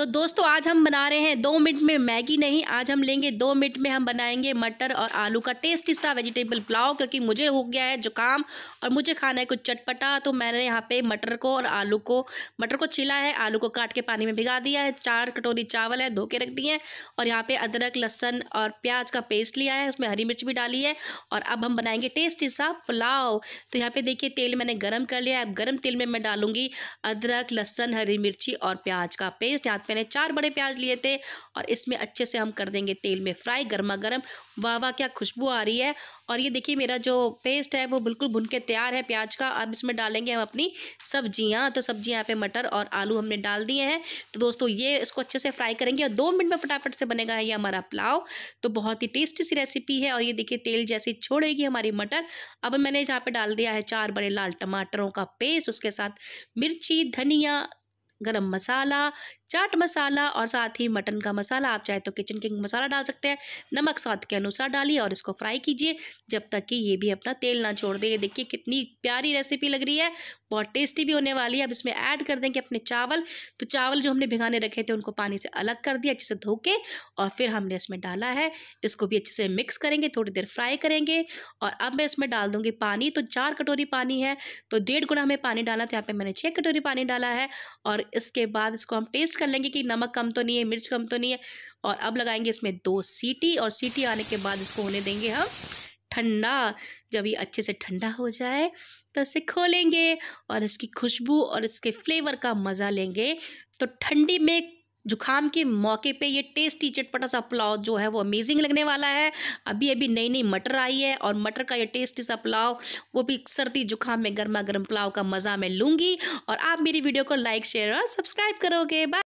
तो दोस्तों आज हम बना रहे हैं दो मिनट में मैगी नहीं आज हम लेंगे दो मिनट में हम बनाएंगे मटर और आलू का टेस्टी सा वेजिटेबल पुलाव क्योंकि मुझे हो गया है जुकाम और मुझे खाना है कुछ चटपटा तो मैंने यहाँ पे मटर को और आलू को मटर को छिला है आलू को काट के पानी में भिगा दिया है चार कटोरी चावल है धो के रख दिए हैं और यहाँ पे अदरक लहसन और प्याज का पेस्ट लिया है उसमें हरी मिर्च भी डाली है और अब हम बनाएंगे टेस्टी सा पुलाव तो यहाँ पे देखिए तेल मैंने गर्म कर लिया है अब गर्म तेल में मैं डालूंगी अदरक लहसन हरी मिर्ची और प्याज का पेस्ट यहाँ मैंने चार बड़े प्याज लिए थे और इसमें अच्छे से हम कर देंगे तेल में फ्राई गर्मा गर्म वाह वाह क्या खुशबू आ रही है और ये देखिए मेरा जो पेस्ट है वो बिल्कुल भुन के तैयार है प्याज का अब इसमें डालेंगे हम अपनी सब्जियाँ तो सब्जियाँ यहाँ पे मटर और आलू हमने डाल दिए हैं तो दोस्तों ये इसको अच्छे से फ्राई करेंगे और दो मिनट में फटाफट से बनेगा ये हमारा पुलाव तो बहुत ही टेस्टी सी रेसिपी है और ये देखिए तेल जैसी छोड़ेगी हमारी मटर अब मैंने यहाँ पे डाल दिया है चार बड़े लाल टमाटरों का पेस्ट उसके साथ मिर्ची धनिया गरम मसाला चाट मसाला और साथ ही मटन का मसाला आप चाहे तो किचन किंग मसाला डाल सकते हैं नमक स्वाद के अनुसार डालिए और इसको फ्राई कीजिए जब तक कि ये भी अपना तेल ना छोड़ दे देखिए कितनी प्यारी रेसिपी लग रही है बहुत टेस्टी भी होने वाली है अब इसमें ऐड कर देंगे अपने चावल तो चावल जो हमने भिगाने रखे थे उनको पानी से अलग कर दिया अच्छे से धो के और फिर हमने इसमें डाला है इसको भी अच्छे से मिक्स करेंगे थोड़ी देर फ्राई करेंगे और अब मैं इसमें डाल दूँगी पानी तो चार कटोरी पानी है तो डेढ़ गुना हमें पानी डाला तो यहाँ पर मैंने छः कटोरी पानी डाला है और इसके बाद इसको हम टेस्ट कर लेंगे कि नमक कम तो नहीं है मिर्च कम तो नहीं है और अब लगाएंगे इसमें दो सीटी और सीटी आने के बाद इसको होने देंगे हम ठंडा जब ये अच्छे से ठंडा हो जाए तो इसे खोलेंगे और इसकी खुशबू और इसके फ्लेवर का मज़ा लेंगे तो ठंडी में जुखाम के मौके पे ये टेस्टी चटपटा सा पुलाव जो है वो अमेजिंग लगने वाला है अभी अभी नई नई मटर आई है और मटर का ये टेस्टी सा पुलाव वो भी सर्दी जुखाम में गर्मा गर्म पुलाव का मज़ा मैं लूँगी और आप मेरी वीडियो को लाइक शेयर और सब्सक्राइब करोगे बाय